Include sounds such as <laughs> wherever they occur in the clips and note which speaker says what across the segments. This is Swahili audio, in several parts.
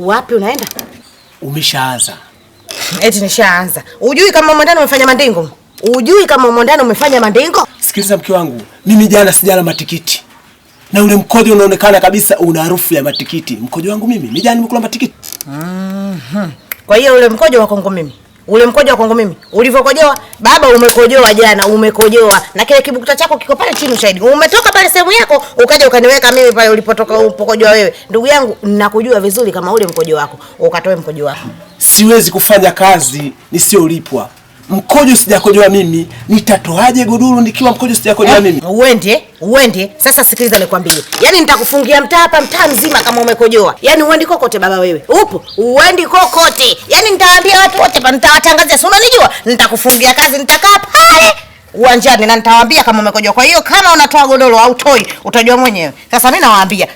Speaker 1: Wapi unaenda?
Speaker 2: Umeshaanza.
Speaker 1: Eti nishaanza. Ujui kama mwandani umefanya mandingo? Ujui kama mwandani umefanya mandingo?
Speaker 2: Sikiliza mke wangu, mimi jana sijala matikiti. Na ule mkojo unaonekana kabisa una harufu ya matikiti. Mkojo wangu mimi, Mimi jana nimekula matikiti.
Speaker 1: Mhm. Mm. Kwa hiyo ule mkojo wa Kongo mimi. Ule mkojo kwangu mimi ulivyokojoa baba, umekojoa jana, umekojoa na kile kibukuta chako kiko pale chini, ushahidi. Umetoka pale sehemu yako ukaja ukaniweka mimi pale ulipotoka upokojoa wewe. Ndugu yangu, nakujua vizuri kama ule mkojo wako ukatoe mkojo wako.
Speaker 2: Siwezi kufanya kazi nisiolipwa mkojo sijakojoa mimi, nitatoaje guduru nikiwa mkojo sijakojoa eh, mimi?
Speaker 1: Uende, uende. Sasa sikiliza nikwambie, yaani nitakufungia mtaa hapa, mtaa mzima kama umekojoa. Yaani uendi kokote baba, wewe upo, uendi kokote. Yaani nitawaambia watu wote pa, nitawatangazia, si unanijua, nitakufungia kazi, nitakaa pale uwanjani na nitawaambia kama umekojoa. Kwa hiyo kama unatoa godoro au toi, utajua mwenyewe. Sasa mimi nawaambia,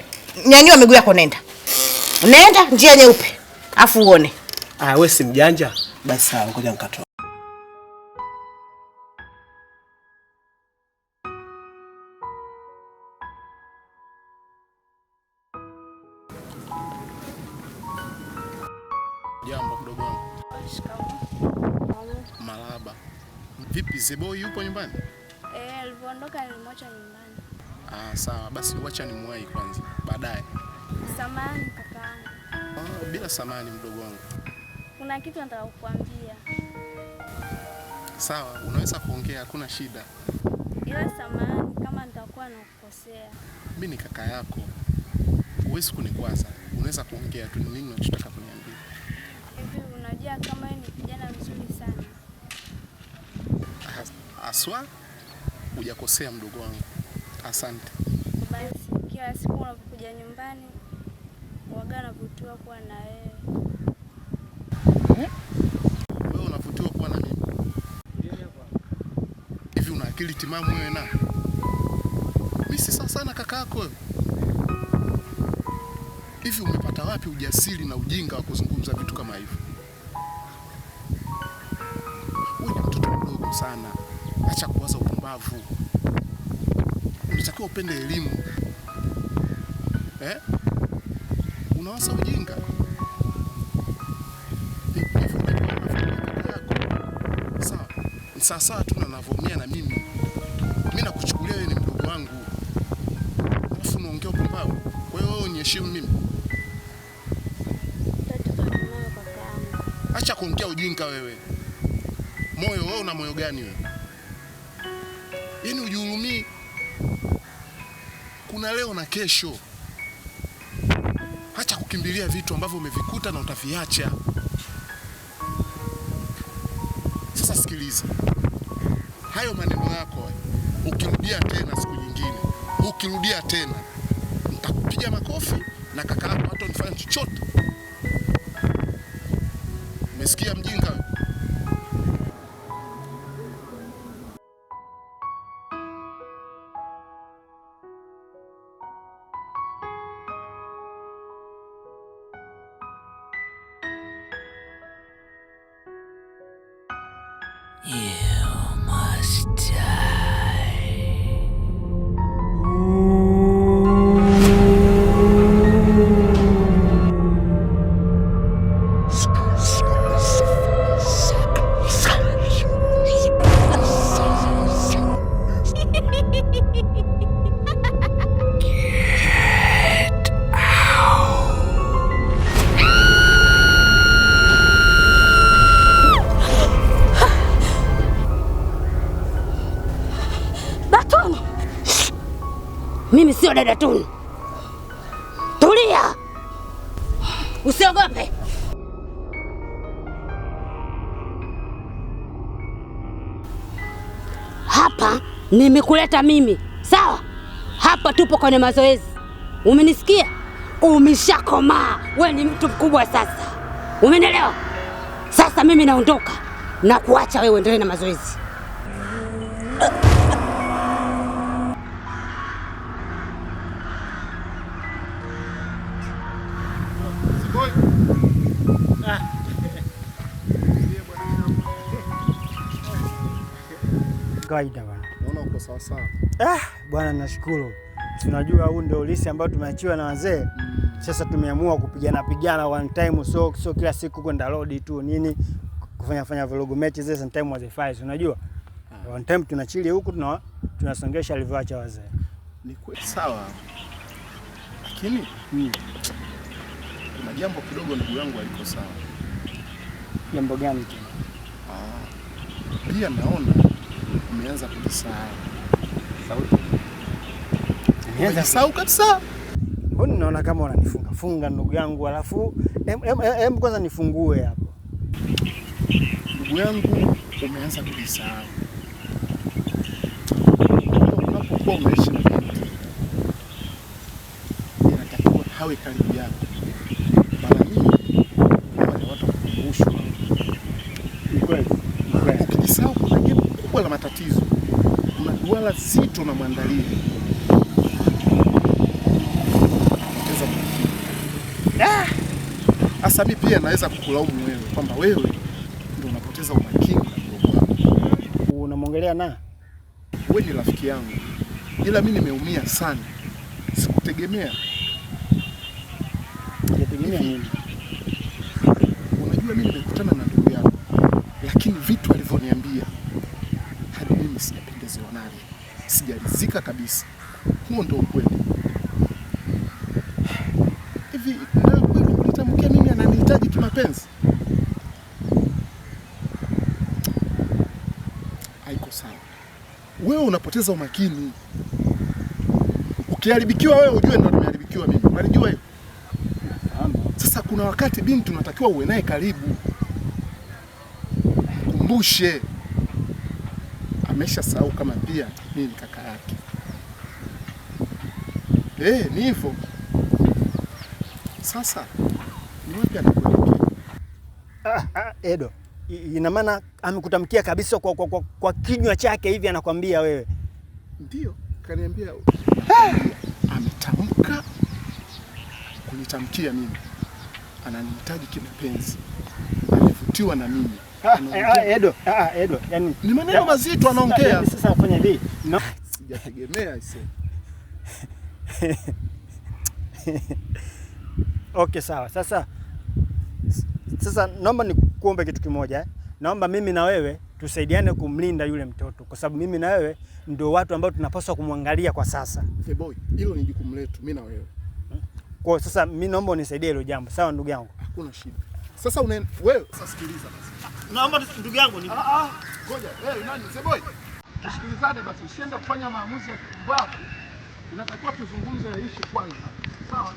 Speaker 1: nyanyua miguu yako, nenda, nenda njia nyeupe, afu uone.
Speaker 2: Ah, wewe si mjanja. Basi sawa, ngoja nikatoa Sebo yupo nyumbani?
Speaker 3: Eh, alipoondoka nilimwacha nyumbani.
Speaker 2: Ah, sawa. Basi wacha nimwahi kwanza, baadaye.
Speaker 3: Samahani kakaangu.
Speaker 2: Oh, bila samahani mdogo wangu.
Speaker 3: Kuna kitu nataka kukuambia.
Speaker 2: Sawa, unaweza kuongea, hakuna shida.
Speaker 3: Ila samahani kama nitakuwa nakukosea.
Speaker 2: Mimi ni kaka yako. Huwezi kunikwaza. Unaweza kuongea tu, nini unachotaka kuniambia?
Speaker 3: Hivi unajua kama wewe ni kijana mzuri
Speaker 2: haswa, hujakosea mdogo wangu, asante.
Speaker 3: Basi kila siku unapokuja nyumbani waga navutiwa kuwa na wewe.
Speaker 2: Wewe unavutiwa kuwa na mimi? Hivi una akili timamu wewe? Na mimi si sawa sana kakaako wewe. Hivi umepata wapi ujasiri na ujinga wa kuzungumza vitu kama hivyo? Wewe ni mtoto mdogo sana acha kuwaza upumbavu. Unatakiwa upende elimu eh? Unawaza ujinga sasa sawasawa tu na mimi mimi nakuchukulia wewe ni mdogo wangu, alafu unaongea upumbavu. Kwa hiyo wewe unyeshimu mimi? Acha kuongea ujinga wewe. Moyo wewe una moyo gani wewe? yaani ujihurumii. Kuna leo na kesho, acha kukimbilia vitu ambavyo umevikuta na utaviacha. Sasa sikiliza hayo maneno yako, ukirudia tena siku nyingine, ukirudia tena nitakupiga makofi na kaka yako hata unifanya chochote. Umesikia mjini
Speaker 1: sio dada Tunu. Tulia, usiogope. Hapa nimekuleta mimi, sawa? Hapa tupo kwenye mazoezi, umenisikia? Umeshakomaa, we ni mtu mkubwa sasa, umenielewa? Sasa mimi naondoka na kuacha wewe uendelee na mazoezi. kawaida bwana.
Speaker 2: Naona uko sawa sawa.
Speaker 1: Ah, bwana nashukuru. Tunajua huu ndio ulisi ambao tumeachiwa na wazee. Mm. Sasa tumeamua kupigana pigana one time, so so kila siku kwenda road tu nini kufanya fanya vlog matches zile sometimes wazifai, unajua? Ah. One time tunachili huku tuna tunasongesha alivyoacha wazee.
Speaker 2: Ni kweli sawa. Lakini hmm, kuna jambo kidogo ndugu yangu aliko sawa. Jambo gani? Ah, pia naona umeanza kujisahau. Sauti. Umeanza kusahau kabisa.
Speaker 1: Mbona naona kama wananifunga funga ndugu yangu, alafu hem kwanza nifungue hapo.
Speaker 2: Ndugu yangu, umeanza kujisahau. Unapokuwa umeishi na mtu, inatakiwa hawe karibu yako swala zito na maandalizi ah! hasa, mi pia naweza kukulaumu wewe kwamba wewe ndio unapoteza umakini na
Speaker 1: unamwongelea na
Speaker 2: wewe ni rafiki yangu, ila mimi nimeumia sana, sikutegemea. Unajua mimi nimekutana na ndugu yako, lakini vitu alivyoniambia hadi mimi si sizionani, sijalizika kabisa. Huo ndio ukweli. Hivi kweli ulitamkia mimi ananihitaji kimapenzi? Haiko sawa, wewe unapoteza umakini. Ukiharibikiwa wewe ujue ndo nimeharibikiwa mimi, unalijua hiyo. Sasa kuna wakati binti unatakiwa uwe naye karibu, kumbushe sahau kama pia mimi ni kaka yake. Eh, ni hivyo sasa. Ni wapi anakuelekea?
Speaker 1: Ah, <laughs> Edo, ina maana amekutamkia kabisa kwa, kwa, kwa, kwa kinywa chake hivi anakwambia wewe?
Speaker 2: Ndio, kaniambia <laughs> ametamka kunitamkia mimi, ananihitaji kimapenzi, amevutiwa na mimi
Speaker 1: Edo, Edo, yani ni maneno mazito anaongea. Sasa afanye hivi.
Speaker 2: Sijategemea ise.
Speaker 1: Okay, sawa. Sasa sasa naomba nikuombe kitu kimoja eh. Naomba mimi na wewe tusaidiane kumlinda yule mtoto kwa sababu mimi na wewe ndio watu ambao tunapaswa kumwangalia kwa sasa.
Speaker 2: Hey boy, hilo ni jukumu letu mimi na wewe.
Speaker 1: Kwa sasa mimi naomba unisaidie hilo jambo. Sawa ndugu yangu?
Speaker 2: Hakuna shida. Sasa una wewe sasa sikiliza basi
Speaker 1: naomba ndugu yangu ni ah
Speaker 2: ah, ngoja eh, nani seboy, tusikilizane basi, usiende kufanya maamuzi ya kibabu. Inatakiwa tuzungumze ya ishi kwanza, sawa?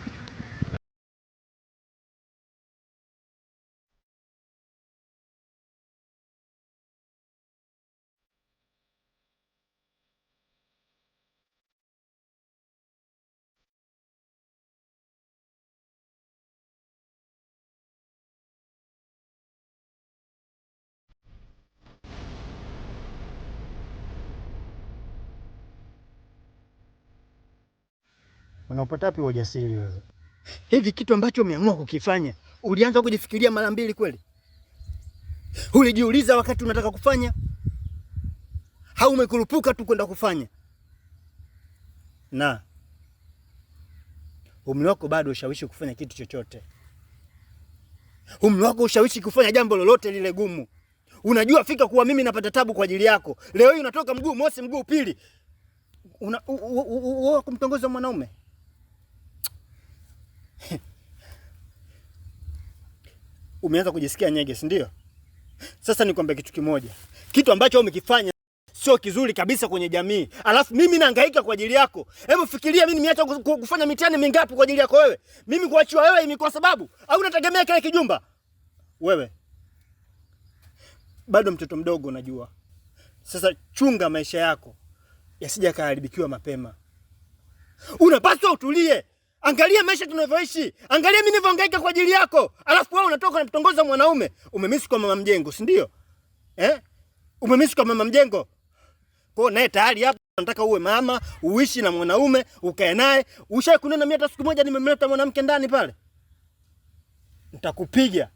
Speaker 1: Unapata wapi ujasiri wewe? Hivi kitu ambacho umeamua kukifanya, ulianza kujifikiria mara mbili kweli? Ulijiuliza wakati unataka kufanya au umekurupuka tu kwenda kufanya? Na umri wako bado ushawishi kufanya kitu chochote, umri wako ushawishi kufanya jambo lolote lile gumu. Unajua fika kuwa mimi napata tabu kwa ajili yako. Leo hii unatoka mguu mosi mguu pili, una kumtongoza mwanaume <laughs> Umeanza kujisikia nyege, si ndio? Sasa nikwambia kitu kimoja, kitu ambacho umekifanya sio kizuri kabisa kwenye jamii, alafu mimi nahangaika kwa ajili yako. Hebu fikiria, mimi nimeacha kufanya mitihani mingapi kwa ajili yako wewe. Mimi kuachiwa wewe ni kwa sababu au nategemea kile kijumba? Wewe bado mtoto mdogo, unajua Sasa chunga maisha yako yasija kaharibikiwa mapema. Unapaswa utulie. Angalia maisha tunavyoishi, angalia mimi nilivyohangaika kwa ajili yako, alafu wewe unatoka unatongoza mwanaume. Umemisi kwa mama mjengo, si ndio? Eh, umemisi kwa mama mjengo. Kwa hiyo naye tayari hapo nataka uwe mama, uishi na mwanaume, ukae naye. Ushawahi kunena mimi hata siku moja nimemleta mwanamke ndani pale? Nitakupiga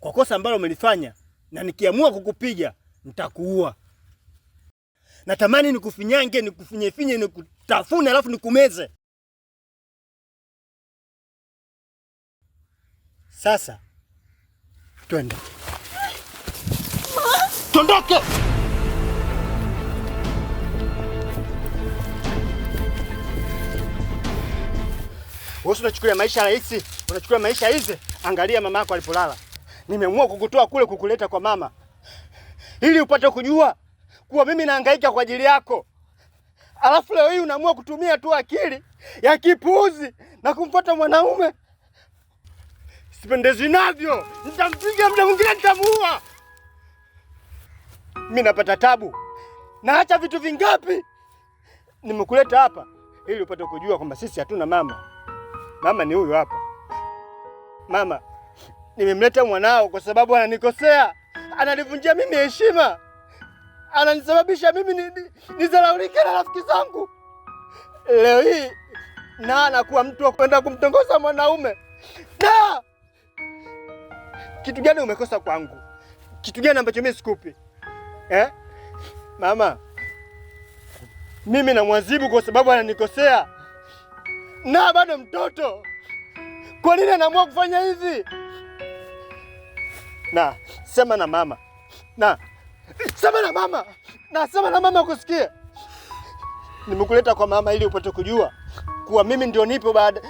Speaker 1: kwa kosa ambalo umelifanya, na nikiamua kukupiga nitakuua. Natamani nikufinyange, nikufinyefinye, nikutafune alafu nikumeze. Sasa twende, tondoke. Wewe unachukulia maisha rahisi, unachukulia maisha hizi. Angalia mama yako alipolala. Nimeamua kukutoa kule kukuleta kwa mama ili upate kujua kuwa mimi naangaika kwa ajili yako, alafu leo hii unaamua kutumia tu akili ya kipuzi na kumfuata mwanaume sipendezi navyo, nitampiga mda mwingine nitamuua. Mimi napata tabu, naacha vitu vingapi? Nimekuleta hapa ili upate kujua kwamba sisi hatuna mama. Mama ni huyu hapa. Mama, nimemleta mwanao kwa sababu ananikosea, ananivunjia mimi heshima, ananisababisha mimi nizalaulike na rafiki zangu. Leo hii na anakuwa mtu wa kwenda kumtongoza mwanaume na kitu gani umekosa kwangu? Kitu gani ambacho mimi sikupi eh? Mama, mimi namwadhibu kwa sababu ananikosea na bado mtoto. Kwa nini anaamua kufanya hivi? Na sema na mama, na sema na mama, na sema na mama kusikia. Nimekuleta kwa mama ili upate kujua kuwa mimi ndio nipo baada,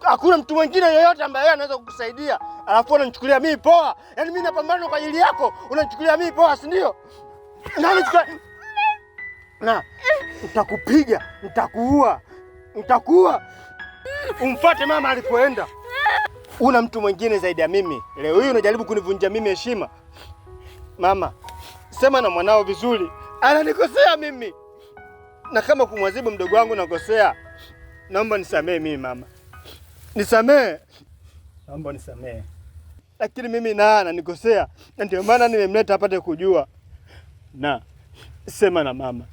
Speaker 1: hakuna mtu mwingine yoyote ambaye anaweza kukusaidia alafu unanichukulia mimi poa? Yaani mimi napambana kwa ajili yako, unanichukulia mimi poa, si ndio? Na nitakupiga, nitakuua, nitakuua. Umfuate mama alipoenda. Una mtu mwingine zaidi ya mimi. Leo hii unajaribu kunivunja mimi heshima. Mama, sema na mwanao vizuri, ananikosea mimi, na kama kumwazibu mdogo wangu nakosea, naomba nisamee mimi mama, nisamee,
Speaker 2: naomba nisamee
Speaker 1: lakini mimi na ananikosea, na ndio maana nimemleta apate kujua. Na sema na mama <laughs>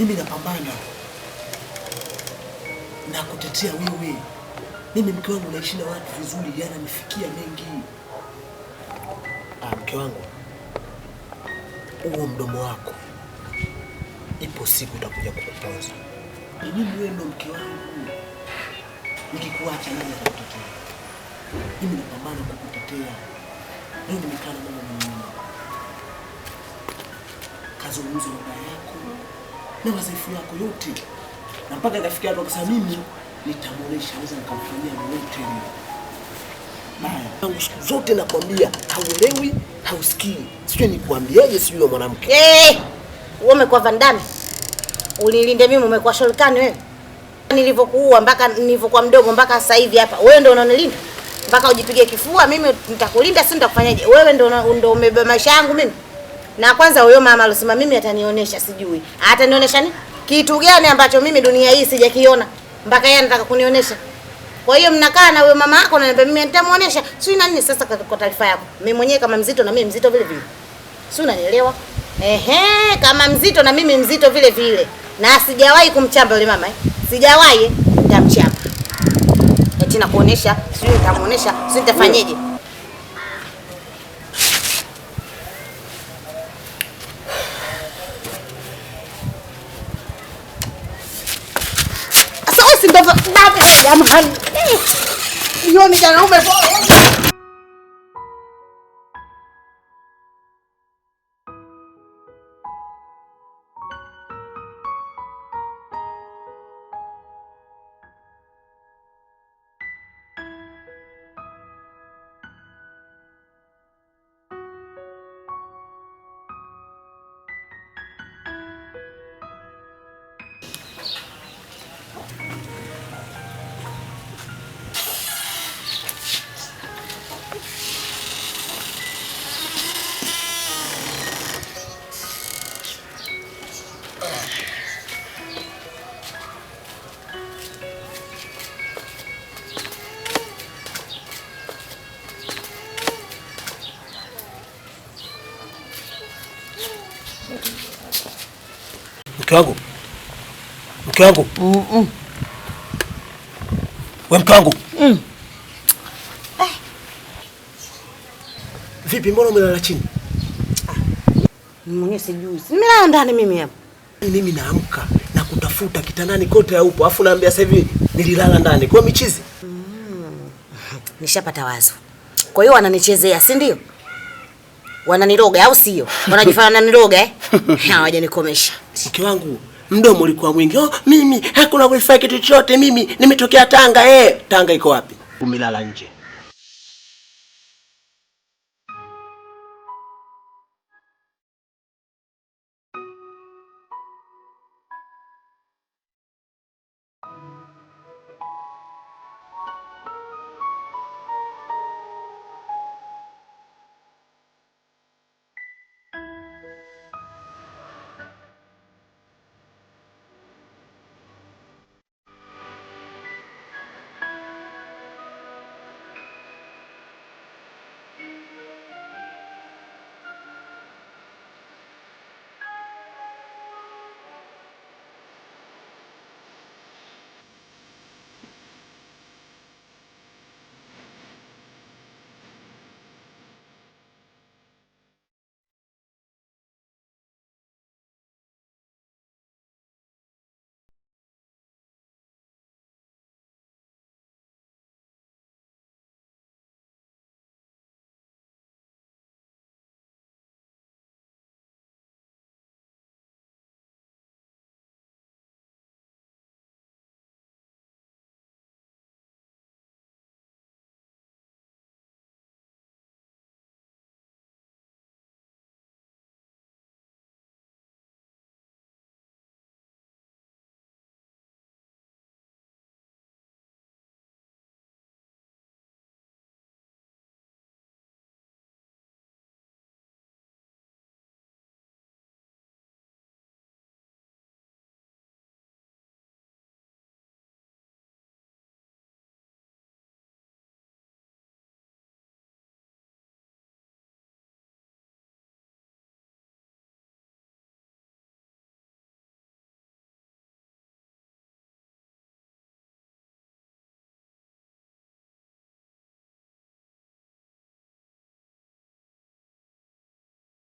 Speaker 1: mimi napambana na kutetea wewe. Mimi mke wangu naishi na watu vizuri, yananifikia mengi. Ah, mke wangu, huo mdomo wako ipo siku utakuja kukupoza Ni mimi, wewe ndo mke wangu, nikikuacha nani atakutetea? Mimi napambana kukutetea. Mimi nimekaa na mama mwenyewe, kazungumza mabaya yako na madhaifu yako yote, na mpaka ikafikia hapo akasema mimi nitaboresha, naweza nikamfanyia yote baya. Siku zote nakwambia hauelewi, hausikii, sijui nikuambiaje, sijui mwanamke
Speaker 4: eh! wewe umekuwa vandani, ulilinde mimi, umekuwa shorikani wewe. Nilivyokuua mpaka nilivyokuwa mdogo mpaka sasa hivi hapa, wewe ndio unanilinda mpaka ujipige kifua. Mimi nitakulinda, si nitakufanyaje? Wewe ndio ndio umebeba maisha yangu mimi na kwanza huyo mama alosema mimi atanionyesha, sijui atanionyesha ni kitu gani ambacho mimi dunia hii sijakiona, mpaka yeye anataka kunionyesha. Kwa hiyo mnakaa na huyo mama yako, na niambia mimi nitamuonesha, sio na nini. Sasa kwa taarifa yako, mimi mwenyewe kama mzito na mimi mzito vile vile, sio unanielewa? Ehe, kama mzito na mimi mzito vile vile, na sijawahi kumchamba yule mama eh, sijawahi nitamchamba eti na kuonesha, sio nitamuonesha, sio nitafanyeje ำคัญโยนี่จะรน้องไปพ่อ
Speaker 2: mke wangu, mke wangu, We mke wangu
Speaker 1: mm. eh.
Speaker 2: Vipi, mbona umelala chini? Ah.
Speaker 4: Mwenyewe sijui, nimelala ndani mimi hapa.
Speaker 2: Mimi naamka na kutafuta kitandani kote haupo, afu naambia sasa hivi nililala ndani kwa michizi mm.
Speaker 4: <laughs> Nishapata wazo, kwa hiyo wananichezea, si ndio? Wananiroga au sio? <laughs> Wanajifanya wananiroga eh? hawajanikomesha
Speaker 2: Mke wangu mdomo ulikuwa mwingi. Oh, mimi hakuna kuifaa kitu chochote, mimi nimetokea Tanga. Eh, Tanga iko wapi? Umelala nje.